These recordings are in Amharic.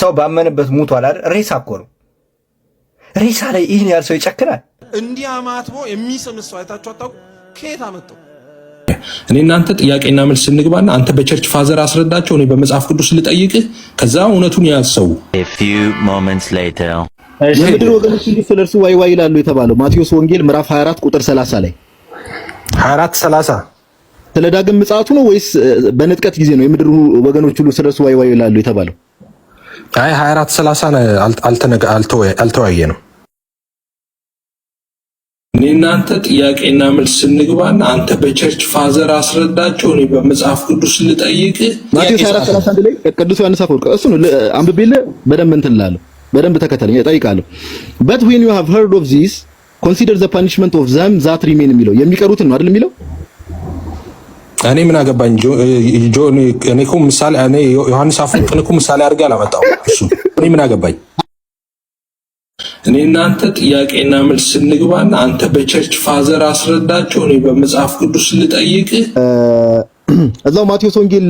ሰው ባመነበት ሙቷል አይደል? ሬሳ እኮ ነው። ሬሳ ላይ ይህን ያህል ሰው ይጨክናል። እንዲህ አማትቦ የሚስም ሰው አይታችሁ አታውቁ? ከየት አመጣው? እኔ እናንተ ጥያቄና መልስ ስንግባና አንተ በቸርች ፋዘር አስረዳቸው፣ እኔ በመጽሐፍ ቅዱስ ልጠይቅህ፣ ከዛ እውነቱን ያዝ። ሰው የምድር ወገኖች እንዲህ ስለ እርሱ ዋይ ዋይ ይላሉ የተባለው ማቴዎስ ወንጌል ምዕራፍ 24 ቁጥር 30 ላይ 24 30 ስለ ዳግም ምጽአቱ ነው ወይስ በንጥቀት ጊዜ ነው? የምድር ወገኖች ሁሉ ስለ እርሱ ዋይ ዋይ ይላሉ የተባለው አይ 24 30 አልተወያየ ነው። እኔ እናንተ ጥያቄና መልስ ስንግባና አንተ በቸርች ፋዘር አስረዳቸው፣ እኔ በመጽሐፍ ቅዱስ ልጠይቅ። ማቴዎስ 4፥31 ላይ ቅዱስ ዮሐንስ አፈወርቅ እሱ ነው አንብቤልህ። በደንብ እንትን እላለሁ፣ በደንብ ተከተለኝ፣ እጠይቃለሁ። በት ዌን ዩ ሃቭ ሄርድ ኦፍ ዚስ ኮንሲደር ዘ ፓኒሽመንት ኦፍ ዘም ዛት ሪሜን የሚለው የሚቀሩትን ነው አይደል የሚለው እኔ ምን አገባኝ? እኔ እኮ ምሳሌ እኔ ዮሐንስ አፈወርቅን እኮ ምሳሌ አድርጌ አላመጣው። እሱ እኔ ምን አገባኝ? እኔ እናንተ ጥያቄና መልስ ስንግባና አንተ በቸርች ፋዘር አስረዳቸው፣ እኔ በመጽሐፍ ቅዱስ ልጠይቅ። እዛው ማቴዎስ ወንጌል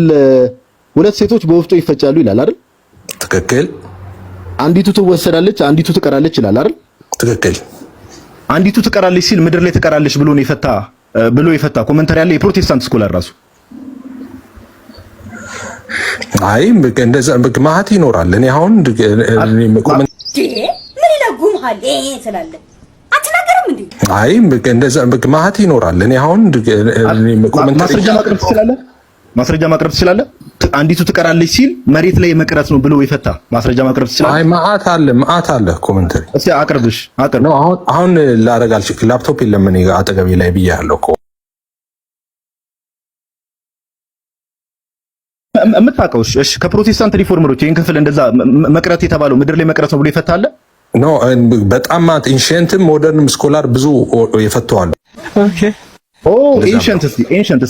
ሁለት ሴቶች በወፍጮ ይፈጫሉ ይላል አይደል? ትክክል። አንዲቱ ትወሰዳለች፣ አንዲቱ ትቀራለች ይላል አይደል? ትክክል። አንዲቱ ትቀራለች ሲል ምድር ላይ ትቀራለች ብሎ ነው የፈታ ብሎ የፈታ ኮመንተሪ ያለ የፕሮቴስታንት ስኮላር ራሱ አይ እንደዛ ማህት ይኖራል። እኔ አሁን ምን ይለጉምሃል ስላለ አትናገርም አይ እንደዛ ማህት ይኖራል። እኔ አሁን ማስረጃ ማቅረብ ትችላለህ። ማስረጃ ማቅረብ ትችላለህ። አንዲቱ ትቀራለች ሲል መሬት ላይ መቅረት ነው ብሎ ይፈታ ማስረጃ ማቅረብ ትችላለህ። አይ ማአት አለ ማአት አለ ኮመንተሪ እስቲ አቅርብሽ አቅርብ ነው አሁን አሁን ላረጋልሽ ላፕቶፕ የለም እኔ ጋር አጠገቤ ላይ ብያለሁ እኮ የምታውቀው እሺ። ከፕሮቴስታንት ሪፎርመሮች ይህን ክፍል እንደዛ መቅረት የተባለው ምድር ላይ መቅረት ነው ብሎ ይፈታለ? ኖ በጣም ማት ኢንሽንትም ሞደርንም ስኮላር ብዙ የፈተዋል። ኦኬ ኦ ኢንሽንት እስቲ ኢንሽንት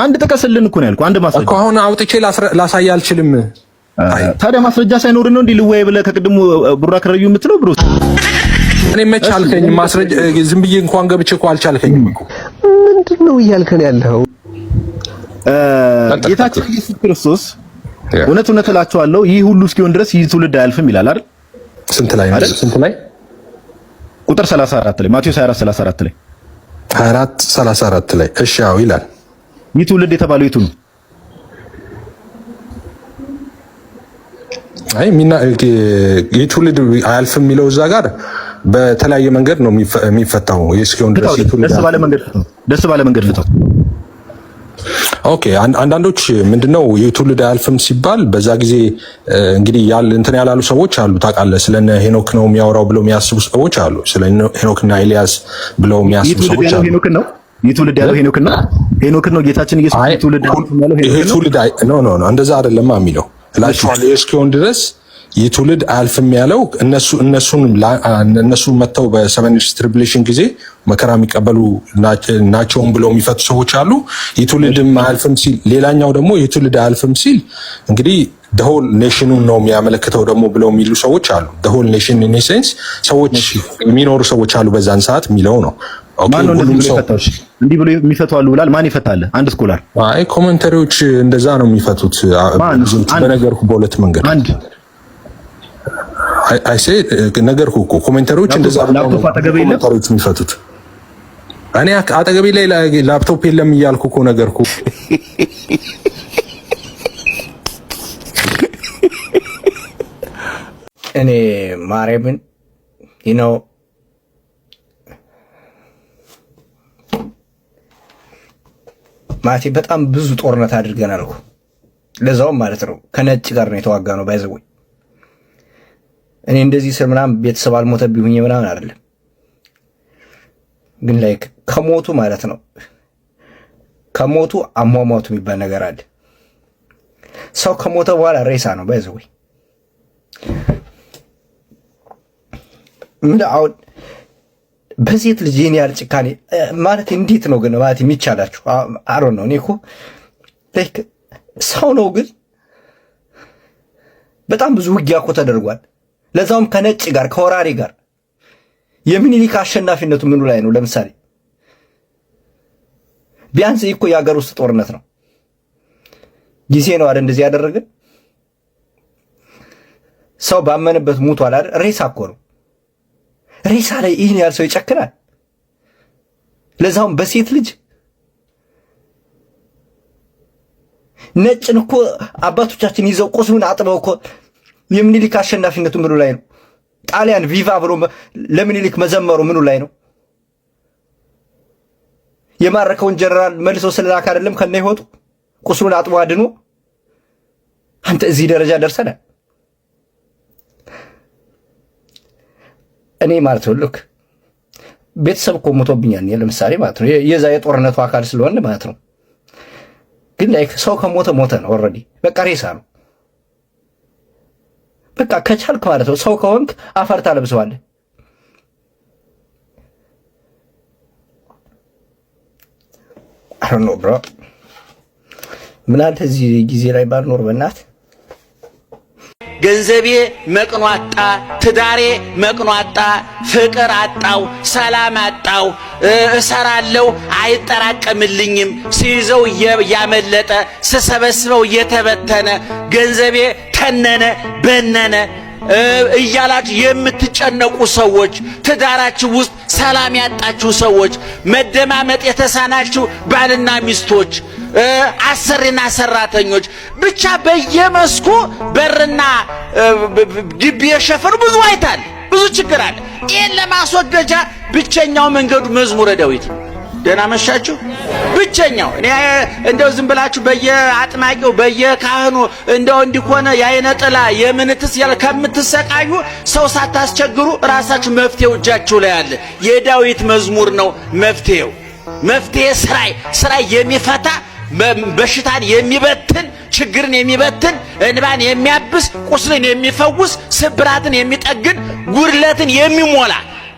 አንድ ጥቀስልን እኮ ነው ያልኩህ። አንድ ማስረጃ እኮ አሁን አውጥቼ ላሳይ አልችልም። ታዲያ ማስረጃ ሳይኖር ነው እንዲህ ልወያይ ብለህ ከቅድሙ ቡራ ከረዩ የምትለው ብሎ እኔ መች አልከኝ። ማስረጃ ዝም ብዬ እንኳን ገብቼ እኮ አልቻልከኝም እኮ። ምንድን ነው እያልከን ያለው? ጌታችን ኢየሱስ ክርስቶስ እውነት እውነት እላችኋለሁ ይህ ሁሉ እስኪሆን ድረስ ይህ ትውልድ አያልፍም ይላል አይደል? ስንት ላይ ነው? ስንት ላይ ቁጥር 34 ላይ ማቴዎስ 24 34 ላይ 24 34 ላይ እሺ፣ አዎ ይላል ይህ ትውልድ የተባለው የቱ ነው? አይ ሚና የትውልድ አያልፍም የሚለው እዛ ጋር በተለያየ መንገድ ነው የሚፈታው። እስኪሆን ድረስ ደስ ባለ መንገድ ደስ ባለ መንገድ ፍታው። ኦኬ አንዳንዶች ምንድነው የትውልድ አያልፍም ሲባል በዛ ጊዜ እንግዲህ ያል እንትን ያላሉ ሰዎች አሉ ታውቃለህ። ስለነ ሄኖክ ነው የሚያወራው ብለው የሚያስቡ ሰዎች አሉ። ስለ ሄኖክና ኤልያስ ብለው የሚያስቡ ሰዎች አሉ። ይህ ትውልድ ያለው ሄኖክ ነው። ሄኖክን ነው ጌታችን ኢየሱስ ትውልድ ይሄ ትውልድ ኖ ኖ ኖ እንደዛ አይደለም የሚለው እላችኋለሁ እስኪሆን ድረስ ይህ ትውልድ አያልፍም ያለው እነሱ እነሱን እነሱ መተው በሰቨን ትሪቡሌሽን ጊዜ መከራ የሚቀበሉ ናቸውን ብለው የሚፈቱ ሰዎች አሉ። ይህ ትውልድም አያልፍም ሲል፣ ሌላኛው ደግሞ ይህ ትውልድ አያልፍም ሲል እንግዲህ ደሆል ኔሽኑን ነው የሚያመለክተው ደግሞ ብለው የሚሉ ሰዎች አሉ። ደሆል ኔሽን ኢን ሴንስ ሰዎች የሚኖሩ ሰዎች አሉ በዛን ሰዓት የሚለው ነው። እንዲህ ብሎ የሚፈቱ አሉ ብላል። ማን ይፈታል? አንድ ስኮላር። አይ ኮመንተሪዎች እንደዛ ነው የሚፈቱት። በሁለት መንገድ አንድ አይ ሴ እኮ ኮሜንተሪዎች እንደዛ ነው የሚፈቱት። እኔ አጠገቤ ላይ ላፕቶፕ የለም እያልኩ እኮ እኔ ማርያምን ማለቴ በጣም ብዙ ጦርነት አድርገናል እኮ ለዛውም ማለት ነው ከነጭ ጋር ነው የተዋጋ ነው ባይዘወኝ እኔ እንደዚህ ስል ምናምን ቤተሰብ አልሞተ ቢሁኝ ምናምን አይደለም፣ ግን ላይክ ከሞቱ ማለት ነው ከሞቱ አሟሟቱ የሚባል ነገር አለ። ሰው ከሞተ በኋላ ሬሳ ነው ባይዘወኝ ምን አሁን በሴት ልጅ ይህን ያህል ጭካኔ ማለት እንዴት ነው ግን ማለት የሚቻላችሁ? አሮ ነው። እኔ እኮ ሰው ነው ግን በጣም ብዙ ውጊያ እኮ ተደርጓል። ለዛውም ከነጭ ጋር ከወራሪ ጋር የሚኒሊክ አሸናፊነቱ ምኑ ላይ ነው? ለምሳሌ ቢያንስ እኮ የሀገር ውስጥ ጦርነት ነው። ጊዜ ነው አይደል እንደዚህ ያደረግን። ሰው ባመነበት ሙቷል አይደል? ሬሳ እኮ ነው ሬሳ ላይ ይህን ያህል ሰው ይጨክናል? ለዛውም በሴት ልጅ ነጭን እኮ አባቶቻችን ይዘው ቁስሉን አጥበው እኮ የምኒልክ አሸናፊነቱ ምኑ ላይ ነው? ጣሊያን ቪቫ ብሎ ለምኒልክ መዘመሩ ምኑ ላይ ነው? የማረከውን ጀነራል መልሶ ስለላክ አይደለም ከነ ህይወቱ ቁስሉን አጥቦ አድኖ አንተ እዚህ ደረጃ ደርሰናል። እኔ ማለት ነው ልክ ቤተሰብ እኮ ሞቶብኛል ለምሳሌ ማለት ነው። የዛ የጦርነቱ አካል ስለሆነ ማለት ነው። ግን ላይ ሰው ከሞተ ሞተ ነው። ኦልሬዲ በቃ ሬሳ ነው። በቃ ከቻልክ ማለት ነው ሰው ከሆንክ አፈር ታለብሰዋለህ። አሁን ነው ብሮ ምን እዚህ ጊዜ ላይ ባልኖር በእናትህ ገንዘቤ መቅኖ አጣ፣ ትዳሬ መቅኖ አጣ፣ ፍቅር አጣው፣ ሰላም አጣው። እሰራለው አይጠራቀምልኝም፣ ሲይዘው እያመለጠ፣ ስሰበስበው እየተበተነ፣ ገንዘቤ ተነነ በነነ እያላችሁ የምትጨነቁ ሰዎች፣ ትዳራችሁ ውስጥ ሰላም ያጣችሁ ሰዎች፣ መደማመጥ የተሳናችሁ ባልና ሚስቶች አሰሪና ሰራተኞች ብቻ በየመስኩ በርና ግቢ የሸፈኑ ብዙ አይታል። ብዙ ችግር አለ። ይህን ለማስወገጃ ብቸኛው መንገዱ መዝሙረ ዳዊት ነው። ደህና መሻችሁ። ብቸኛው እኔ እንደው ዝም ብላችሁ በየአጥማቂው በየካህኑ እንደው እንዲኮነ የአይነ ጥላ የምንትስ ያለ ከምትሰቃዩ ሰው ሳታስቸግሩ ራሳችሁ መፍትሄው እጃችሁ ላይ አለ። የዳዊት መዝሙር ነው መፍትሄው። መፍትሄ ስራይ ስራይ የሚፈታ በሽታን የሚበትን ችግርን የሚበትን እንባን የሚያብስ ቁስልን የሚፈውስ ስብራትን የሚጠግን ጉድለትን የሚሞላ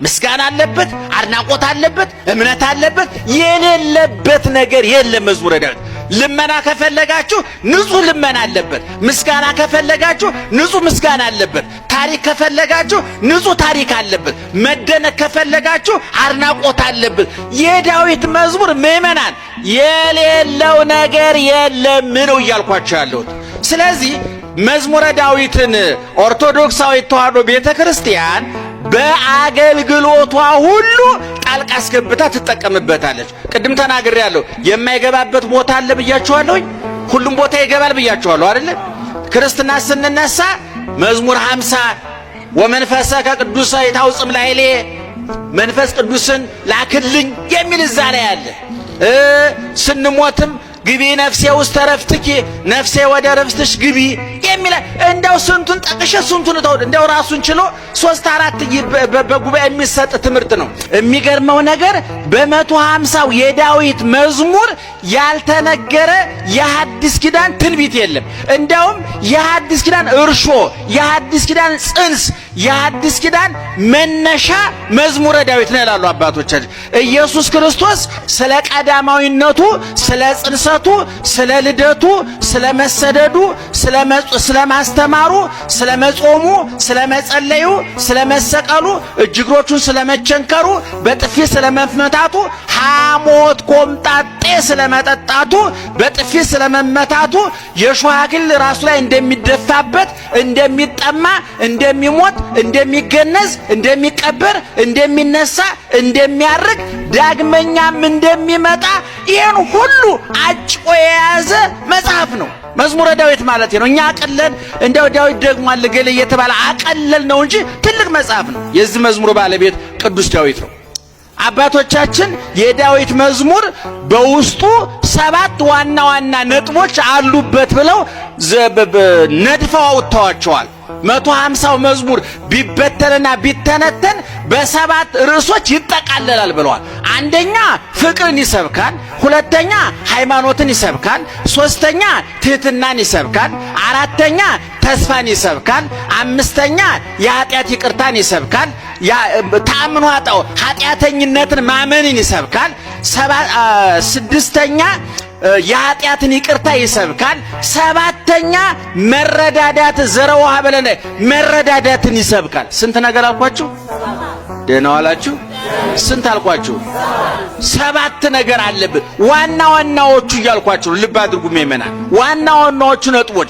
ምስጋና አለበት፣ አድናቆት አለበት፣ እምነት አለበት። የሌለበት ነገር የለም መዝሙረ ዳዊት ልመና ከፈለጋችሁ ንጹህ ልመና አለበት። ምስጋና ከፈለጋችሁ ንጹህ ምስጋና አለበት። ታሪክ ከፈለጋችሁ ንጹህ ታሪክ አለበት። መደነቅ ከፈለጋችሁ አድናቆት አለበት። የዳዊት መዝሙር ምዕመናን የሌለው ነገር የለም ነው እያልኳቸው ያለሁት። ስለዚህ መዝሙረ ዳዊትን ኦርቶዶክሳዊ ተዋሕዶ ቤተ ክርስቲያን በአገልግሎቷ ሁሉ ጣልቃ አስገብታ ትጠቀምበታለች። ቅድም ተናግሬ ያለው የማይገባበት ቦታ አለ ብያችኋለሁኝ። ሁሉም ቦታ ይገባል ብያችኋለሁ አይደለ? ክርስትና ስንነሳ መዝሙር ሃምሳ ወመንፈሰ ከቅዱሰ የታውፅም ላይሌ መንፈስ ቅዱስን ላክልኝ የሚል እዛ ላይ አለ። ስንሞትም ግቢ ነፍሴ ውስጥ ተረፍትኪ ነፍሴ ወደ ረፍትሽ ግቢ ላይ እንደው ስንቱን ጠቅሸ ስንቱን ተውድ እንደው ራሱን ችሎ ሶስት አራት በጉባኤ የሚሰጥ ትምህርት ነው። የሚገርመው ነገር በመቶ ሃምሳው የዳዊት መዝሙር ያልተነገረ የሐዲስ ኪዳን ትንቢት የለም። እንደውም የሐዲስ ኪዳን እርሾ፣ የሐዲስ ኪዳን ጽንስ የአዲስ ኪዳን መነሻ መዝሙረ ዳዊት ነው ይላሉ አባቶቻችን። ኢየሱስ ክርስቶስ ስለ ቀዳማዊነቱ፣ ስለ ጽንሰቱ፣ ስለ ልደቱ፣ ስለ መሰደዱ፣ ስለ ማስተማሩ፣ ስለ መጾሙ፣ ስለ መጸለዩ፣ ስለ መሰቀሉ፣ እጅግሮቹን ስለ መቸንከሩ፣ በጥፊ ስለ መመታቱ፣ ሐሞት ቆምጣጤ ስለ መጠጣቱ፣ በጥፊ ስለ መመታቱ፣ የሾህ አክሊል ራሱ ላይ እንደሚደፋበት እንደሚጠማ እንደሚሞት እንደሚገነዝ፣ እንደሚቀበር፣ እንደሚነሳ፣ እንደሚያርግ ዳግመኛም እንደሚመጣ ይህን ሁሉ አጭቆ የያዘ መጽሐፍ ነው መዝሙረ ዳዊት ማለት ነው። እኛ አቀለል እንደው ዳዊት ደግሞ አልገለ እየተባለ አቀለል ነው እንጂ ትልቅ መጽሐፍ ነው። የዚህ መዝሙር ባለቤት ቅዱስ ዳዊት ነው። አባቶቻችን የዳዊት መዝሙር በውስጡ ሰባት ዋና ዋና ነጥቦች አሉበት ብለው ነድፈው አውጥተዋቸዋል። መቶ ሃምሳው መዝሙር ቢበተንና ቢተነተን በሰባት ርዕሶች ይጠቃለላል ብለዋል። አንደኛ ፍቅርን ይሰብካል፣ ሁለተኛ ሃይማኖትን ይሰብካል፣ ሶስተኛ ትህትናን ይሰብካል፣ አራተኛ ተስፋን ይሰብካል፣ አምስተኛ የኃጢአት ይቅርታን ይሰብካል፣ ታምኖ አጣው ኃጢአተኝነትን ማመንን ይሰብካል፣ ስድስተኛ የኃጢአትን ይቅርታ ይሰብካል። ሰባት ሁለተኛ መረዳዳት ዘረውሃ በለነ መረዳዳትን ይሰብካል። ስንት ነገር አልኳችሁ? ደህና ዋላችሁ። ስንት አልኳችሁ? ሰባት ነገር አለብን። ዋና ዋናዎቹ እያልኳችሁ ልብ አድርጉ ምእመናን፣ ዋና ዋናዎቹ ነጥቦች